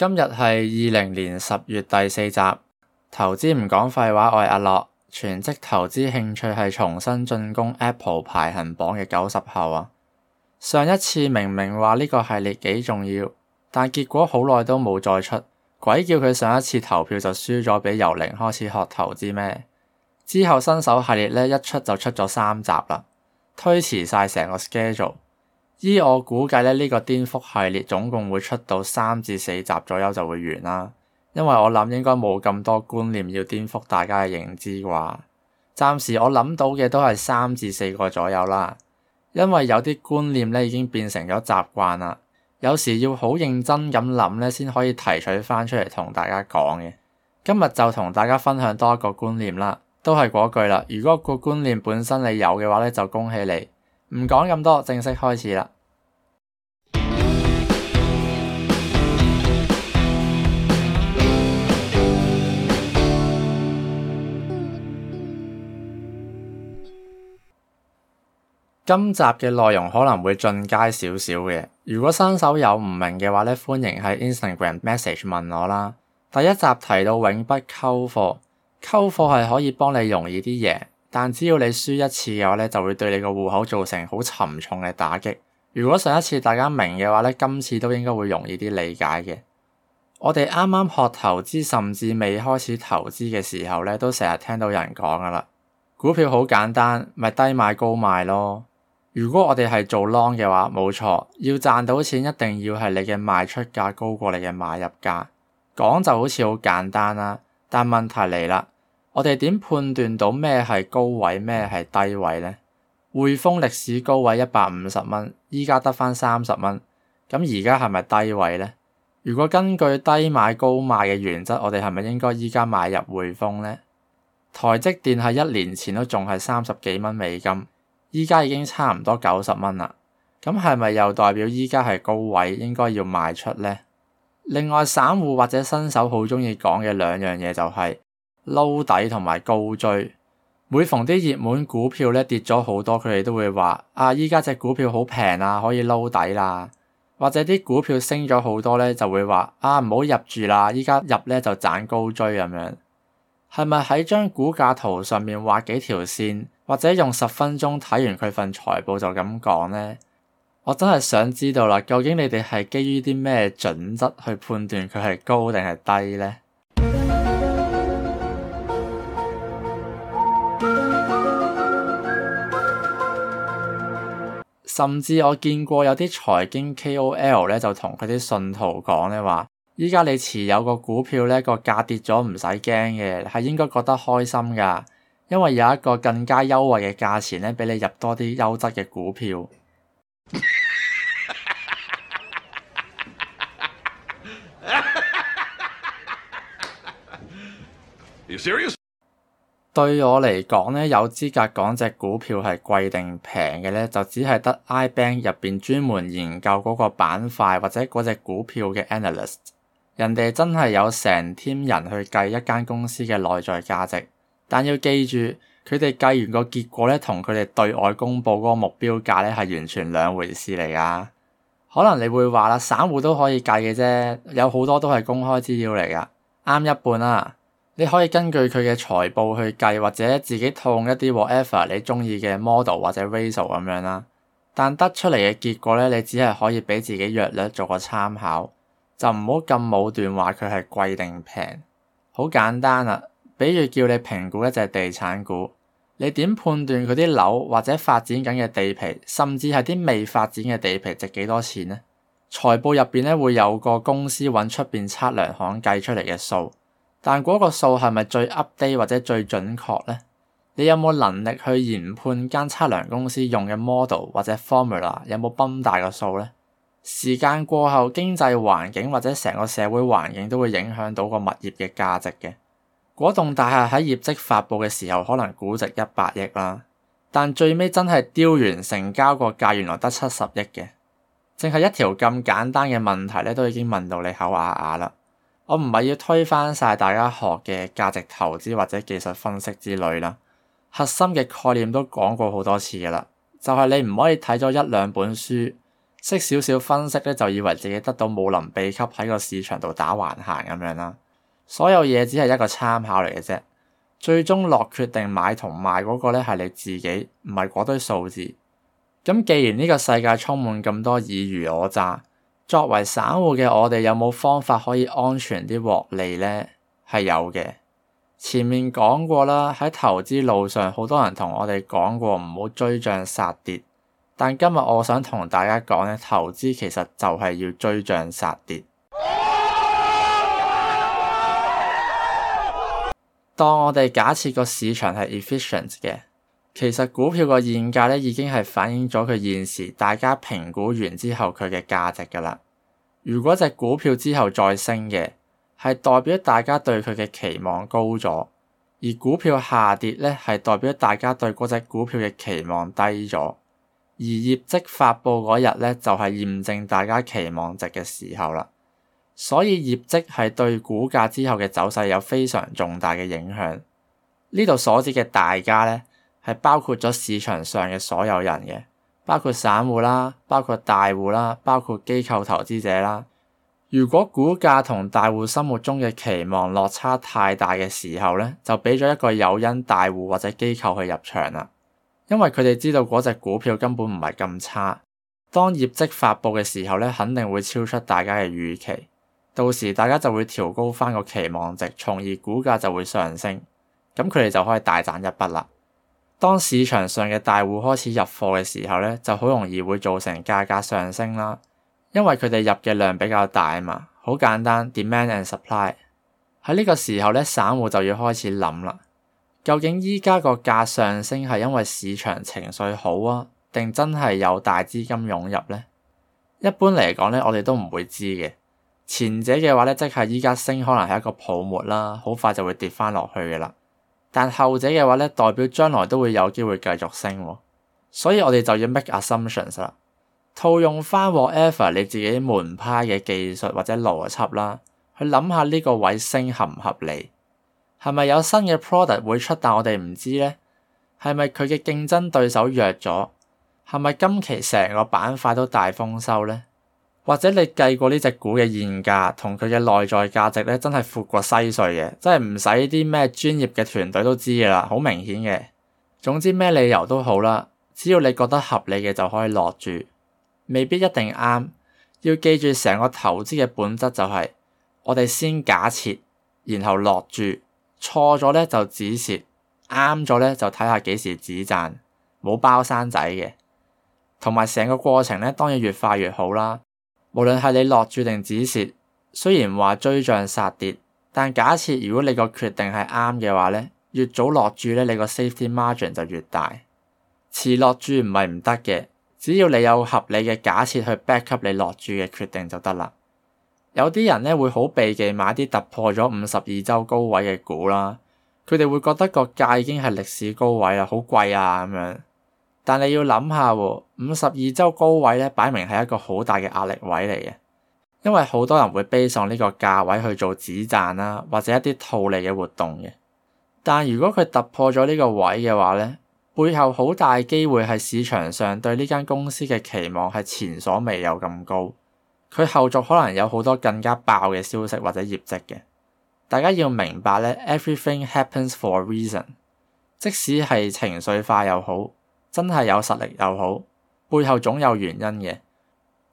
今日係二零年十月第四集，投資唔講廢話，我係阿樂，全職投資，興趣係重新進攻 Apple 排行榜嘅九十後啊！上一次明明話呢個系列幾重要，但結果好耐都冇再出，鬼叫佢上一次投票就輸咗俾由零開始學投資咩？之後新手系列呢一出就出咗三集啦，推遲晒成個 schedule。依我估計咧，呢個顛覆系列總共會出到三至四集左右就會完啦，因為我諗應該冇咁多觀念要顛覆大家嘅認知啩。暫時我諗到嘅都係三至四個左右啦，因為有啲觀念咧已經變成咗習慣啦，有時要好認真咁諗咧先可以提取翻出嚟同大家講嘅。今日就同大家分享多一個觀念啦，都係嗰句啦。如果個觀念本身你有嘅話咧，就恭喜你。唔講咁多，正式開始啦。今集嘅內容可能會進階少少嘅。如果新手有唔明嘅話咧，歡迎喺 Instagram message 問我啦。第一集提到永不溝貨，溝貨係可以幫你容易啲贏。但只要你輸一次嘅話咧，就會對你個戶口造成好沉重嘅打擊。如果上一次大家明嘅話咧，今次都應該會容易啲理解嘅。我哋啱啱學投資，甚至未開始投資嘅時候咧，都成日聽到人講噶啦。股票好簡單，咪低買高賣咯。如果我哋係做 long 嘅話，冇錯，要賺到錢一定要係你嘅賣出價高過你嘅買入價。講就好似好簡單啦，但問題嚟啦。我哋點判斷到咩係高位，咩係低位呢？匯豐歷史高位一百五十蚊，依家得翻三十蚊，咁而家係咪低位呢？如果根據低買高賣嘅原則，我哋係咪應該依家買入匯豐呢？台積電係一年前都仲係三十幾蚊美金，依家已經差唔多九十蚊啦，咁係咪又代表依家係高位，應該要賣出呢？另外，散戶或者新手好中意講嘅兩樣嘢就係。撈底同埋高追，每逢啲熱門股票咧跌咗好多，佢哋都會話：啊，依家隻股票好平啊，可以撈底啦。或者啲股票升咗好多咧，就會話：啊，唔好入住啦，依家入咧就賺高追咁樣。係咪喺張股價圖上面畫幾條線，或者用十分鐘睇完佢份財報就咁講咧？我真係想知道啦，究竟你哋係基於啲咩準則去判斷佢係高定係低咧？甚至我見過有啲財經 KOL 咧，就同佢啲信徒講咧話：依家你持有個股票咧，個價跌咗唔使驚嘅，係應該覺得開心㗎，因為有一個更加優惠嘅價錢咧，俾你入多啲優質嘅股票。 對我嚟講咧，有資格講隻股票係貴定平嘅咧，就只係得 iBank 入邊專門研究嗰個板塊或者嗰隻股票嘅 analyst。人哋真係有成 team 人去計一間公司嘅內在價值，但要記住，佢哋計完個結果咧，同佢哋對外公布嗰個目標價咧，係完全兩回事嚟噶。可能你會話啦，散戶都可以計嘅啫，有好多都係公開資料嚟噶，啱一半啦。你可以根據佢嘅財報去計，或者自己套用一啲 whatever 你中意嘅 model 或者 ratio 咁樣啦。但得出嚟嘅結果咧，你只係可以俾自己約略做個參考，就唔好咁武斷話佢係貴定平。好簡單啦，啊，比如叫你評估一隻地產股，你點判斷佢啲樓或者發展緊嘅地皮，甚至係啲未發展嘅地皮值幾多錢呢？財報入邊咧會有個公司揾出邊測量行計出嚟嘅數。但嗰個數係咪最 update 或者最準確呢？你有冇能力去研判間測量公司用嘅 model 或者 formula 有冇崩大個數呢？時間過後，經濟環境或者成個社會環境都會影響到個物業嘅價值嘅。果棟大廈喺業績發布嘅時候可能估值一百億啦，但最尾真係丟完成交個價原來得七十億嘅。淨係一條咁簡單嘅問題咧，都已經問到你口啞啞啦。我唔係要推翻晒大家學嘅價值投資或者技術分析之類啦，核心嘅概念都講過好多次噶啦。就係你唔可以睇咗一兩本書，識少少分析咧，就以為自己得到武林秘笈喺個市場度打橫行咁樣啦。所有嘢只係一個參考嚟嘅啫，最終落決定買同賣嗰個咧係你自己，唔係嗰堆數字。咁既然呢個世界充滿咁多爾虞我詐。作為散戶嘅我哋有冇方法可以安全啲獲利呢？係有嘅。前面講過啦，喺投資路上好多人同我哋講過唔好追漲殺跌，但今日我想同大家講呢，投資其實就係要追漲殺跌。 當我哋假設個市場係 efficient 嘅。其實股票個現價咧已經係反映咗佢現時大家評估完之後佢嘅價值噶啦。如果隻股票之後再升嘅，係代表大家對佢嘅期望高咗；而股票下跌咧，係代表大家對嗰隻股票嘅期望低咗。而業績發布嗰日咧，就係驗證大家期望值嘅時候啦。所以業績係對股價之後嘅走勢有非常重大嘅影響。呢度所指嘅大家咧。係包括咗市場上嘅所有人嘅，包括散戶啦，包括大戶啦，包括機構投資者啦。如果股價同大戶心目中嘅期望落差太大嘅時候咧，就俾咗一個誘因，大戶或者機構去入場啦，因為佢哋知道嗰隻股票根本唔係咁差。當業績發佈嘅時候咧，肯定會超出大家嘅預期，到時大家就會調高返個期望值，從而股價就會上升，咁佢哋就可以大賺一筆啦。當市場上嘅大戶開始入貨嘅時候咧，就好容易會造成價格上升啦，因為佢哋入嘅量比較大嘛。好簡單，demand and supply。喺呢個時候咧，散戶就要開始諗啦，究竟依家個價上升係因為市場情緒好啊，定真係有大資金湧入咧？一般嚟講咧，我哋都唔會知嘅。前者嘅話咧，即係依家升可能係一個泡沫啦，好快就會跌翻落去嘅啦。但後者嘅話咧，代表將來都會有機會繼續升，所以我哋就要 make assumptions 啦，套用返 whatever 你自己門派嘅技術或者邏輯啦，去諗下呢個位升合唔合理，係咪有新嘅 product 會出，但我哋唔知咧，係咪佢嘅競爭對手弱咗，係咪今期成個板塊都大豐收咧？或者你計過呢隻股嘅現價同佢嘅內在價值咧，真係闊過西碎嘅，真係唔使啲咩專業嘅團隊都知噶啦，好明顯嘅。總之咩理由都好啦，只要你覺得合理嘅就可以落住，未必一定啱。要記住成個投資嘅本質就係，我哋先假設，然後落住，錯咗咧就止蝕，啱咗咧就睇下幾時止賺，冇包生仔嘅。同埋成個過程咧，當然越快越好啦。無論係你落注定止蝕，雖然話追漲殺跌，但假設如果你個決定係啱嘅話咧，越早落注咧，你個 safety margin 就越大。遲落注唔係唔得嘅，只要你有合理嘅假設去 back up 你落注嘅決定就得啦。有啲人咧會好避忌買啲突破咗五十二周高位嘅股啦，佢哋會覺得個價已經係歷史高位啦，好貴啊咁樣。但你要諗下，五十二周高位咧，擺明係一個好大嘅壓力位嚟嘅，因為好多人會背上呢個價位去做止賺啦、啊，或者一啲套利嘅活動嘅。但如果佢突破咗呢個位嘅話咧，背後好大機會係市場上對呢間公司嘅期望係前所未有咁高，佢後續可能有好多更加爆嘅消息或者業績嘅。大家要明白咧，everything happens for a reason，即使係情緒化又好。真係有實力又好，背後總有原因嘅。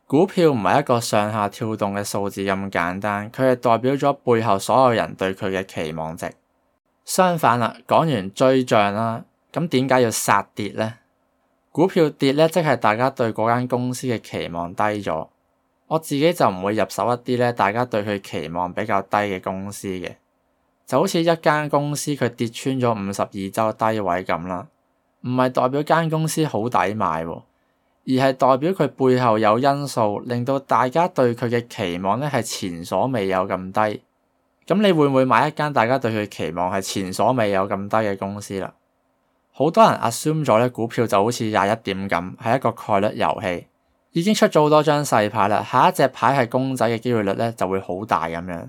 股票唔係一個上下跳動嘅數字咁簡單，佢係代表咗背後所有人對佢嘅期望值。相反啦，講完追漲啦，咁點解要殺跌呢？股票跌呢，即係大家對嗰間公司嘅期望低咗。我自己就唔會入手一啲呢，大家對佢期望比較低嘅公司嘅，就好似一間公司佢跌穿咗五十二周低位咁啦。唔係代表間公司好抵買，而係代表佢背後有因素令到大家對佢嘅期望咧係前所未有咁低。咁你會唔會買一間大家對佢期望係前所未有咁低嘅公司啦？好多人 assume 咗咧，股票就好似廿一點咁，係一個概率遊戲，已經出咗好多張細牌啦，下一隻牌係公仔嘅機會率咧就會好大咁樣。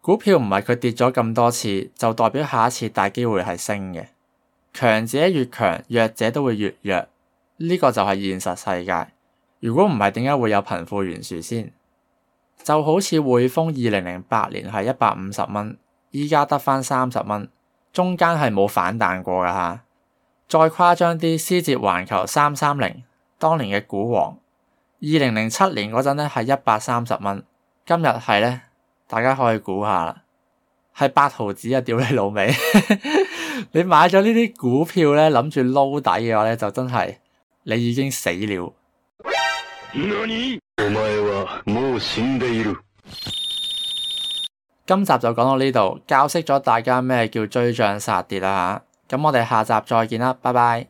股票唔係佢跌咗咁多次就代表下一次大機會係升嘅。強者越強，弱者都會越弱，呢個就係現實世界。如果唔係，點解會有貧富懸殊先？就好似匯豐二零零八年係一百五十蚊，依家得翻三十蚊，中間係冇反彈過噶吓。再誇張啲，思捷環球三三零，當年嘅股王，二零零七年嗰陣咧係一百三十蚊，今日係呢，大家可以估下啦，係八毫子啊，屌你老味。 你買咗呢啲股票咧，諗住撈底嘅話咧，就真係你已經死了。何死今集就講到呢度，教識咗大家咩叫追漲殺跌啦吓。咁、啊、我哋下集再見啦，拜拜。